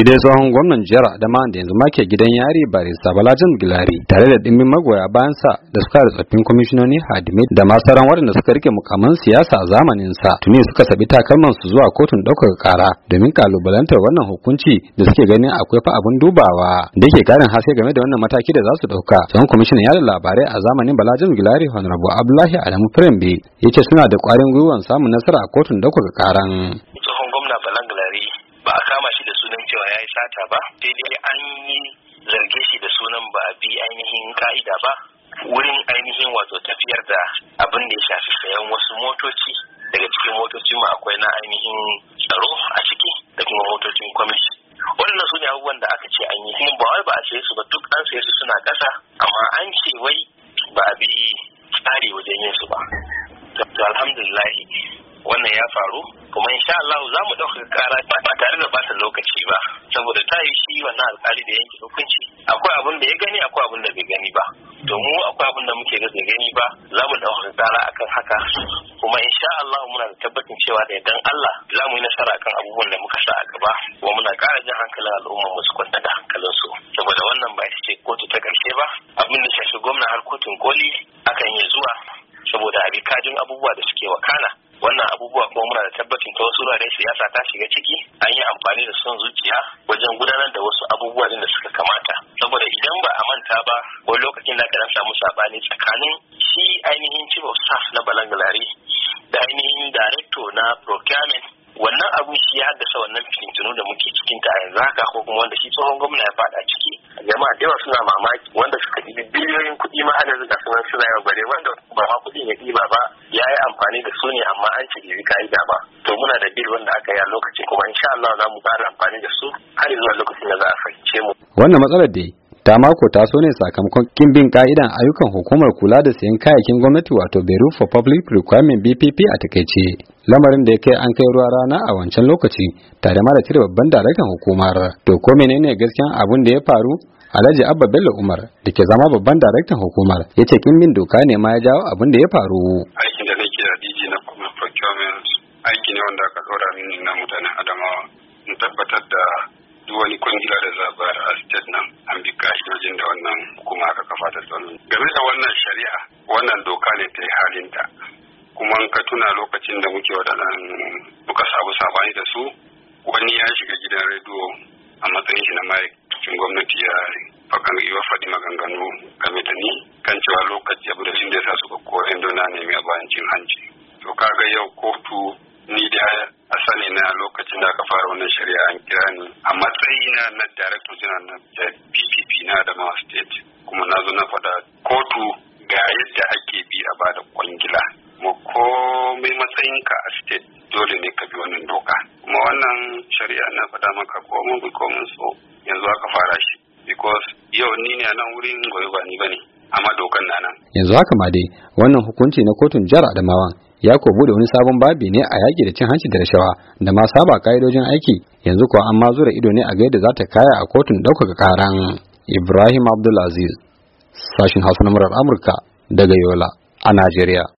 shi dai tsohon gwamnan jihar adama da yanzu make gidan yari barista balajin gilari tare da dimbin magoya bayan sa da suka da tsoffin kwamishinoni hadimai da masaran waɗanda suka rike mukaman siyasa a zamanin sa tuni suka sabi takalman su zuwa kotun ɗaukar ƙara domin kalubalantar wannan hukunci da suke ganin akwai fa abin dubawa da yake karin haske game da wannan mataki da za su ɗauka tsohon kwamishinan yada labarai a zamanin balajin gilari honorable abdullahi adamu frembe ya ce suna da ƙwarin gwiwan samun nasara a kotun ɗaukar ƙaran sata ba daidai an yi zarge shi da sunan ba a bi ainihin ka'ida ba wurin ainihin wato tafiyar da abin da ya shafi sayan wasu motoci daga cikin motoci ma akwai na ainihin tsaro a ciki da kuma motocin kwamiti. wannan su ne abubuwan da aka ce an yi kuma ba wai ba a saye su ba duk an saye su suna kasa. amma an ce wai ba a bi tsari wajen yin su ba alhamdulillah wannan ya faru kuma insha Allah za mu ɗauka kara ba tare da bata lokaci ba saboda ta yi shi wannan alƙali da yanke hukunci akwai abin da ya gani akwai abin da bai gani ba to mu akwai abin da muke da gani ba za mu ɗauka kara akan haka kuma insha Allah muna da tabbacin cewa da dan Allah za mu yi nasara akan abubuwan da muka sa a gaba kuma muna ƙara jin hankalin al'umma musu su kwanta da su? saboda wannan ba ita ce kotu ta ƙarshe ba abin da shafi gwamna har kotun koli akan yi zuwa saboda a bi kajin abubuwa da suke wakana wannan abubuwa kuma muna da tabbacin ta wasu wuraren siyasa ta shiga ciki an yi amfani da son zuciya wajen gudanar da wasu abubuwa da suka kamata saboda idan ba a manta ba wani lokacin da aka samu sabani tsakanin shi ainihin chief of staff na balangalari da ainihin director na procurement wannan abu shi ya haddasa wannan fitintunu da muke cikin ta yanzu haka ko kuma wanda shi tsohon gwamna ya fada ciki jama'a da yawa suna mamaki wanda suka ɗibi biliyoyin kuɗi ma ana zuga suna suna yawa bare wanda ba ma kuɗi ya ɗiba ba amfani da su ne amma an ce bi ka'ida ba to muna da bil wanda aka yi a lokacin kuma insha Allah za mu fara amfani da su har zuwa lokacin da za a fahimce mu wannan matsalar dai ta mako so ne sakamakon kin bin ka'idan ayyukan hukumar kula da sayan kayayyakin gwamnati wato Bureau for Public Requirement BPP a takaice lamarin da ya kai an kai ruwa rana a wancan lokaci tare ma da cire babban daraktan hukumar to ko menene gaskiyan abun da ya faru Alhaji Abba Bello Umar da ke zama babban daraktan hukumar ya ce kin bin doka ne ma ya jawo abin da ya faru. aiki ne wanda aka ɗora mini na mutanen adamawa in tabbatar da duk wani kwangila da zabar a state nan an bi ka'idojin da wannan hukuma aka kafa ta tsaro game da wannan shari'a wannan doka ne ta yi halinta kuma in ka tuna lokacin da muke waɗannan muka sabu sabani da su wani ya shiga gidan rediyo a matsayin shi na ma'aikacin gwamnati ya fakan iwa faɗi maganganu game da ni kan cewa lokaci abu da shi da ya sa suka ko na nemi a bayan cin hanci to kaga yau kotu ni da a sani na lokacin da aka fara wannan shari'a an kira ni a matsayina na director general na PPP na Adamawa State kuma na zo na faɗa kotu ga yadda ake bi a bada kwangila mu komai matsayinka a state dole ne ka bi wannan doka kuma wannan shari'a na faɗa maka komai bi komai so yanzu aka fara shi because yau ni ne a nan wurin gobe ba ni bane amma dokan na nan yanzu haka ma dai wannan hukunci na kotun jihar Adamawa ya ko bude wani sabon babi ne a yaƙi da cin hanci da rashawa da ma saba ka'idojin aiki yanzu kuwa an ma zura ido ne a ga yadda za ta kaya a kotun ɗaukaka karan ibrahim abdulaziz sashin hausa na murar amurka daga yola a najeriya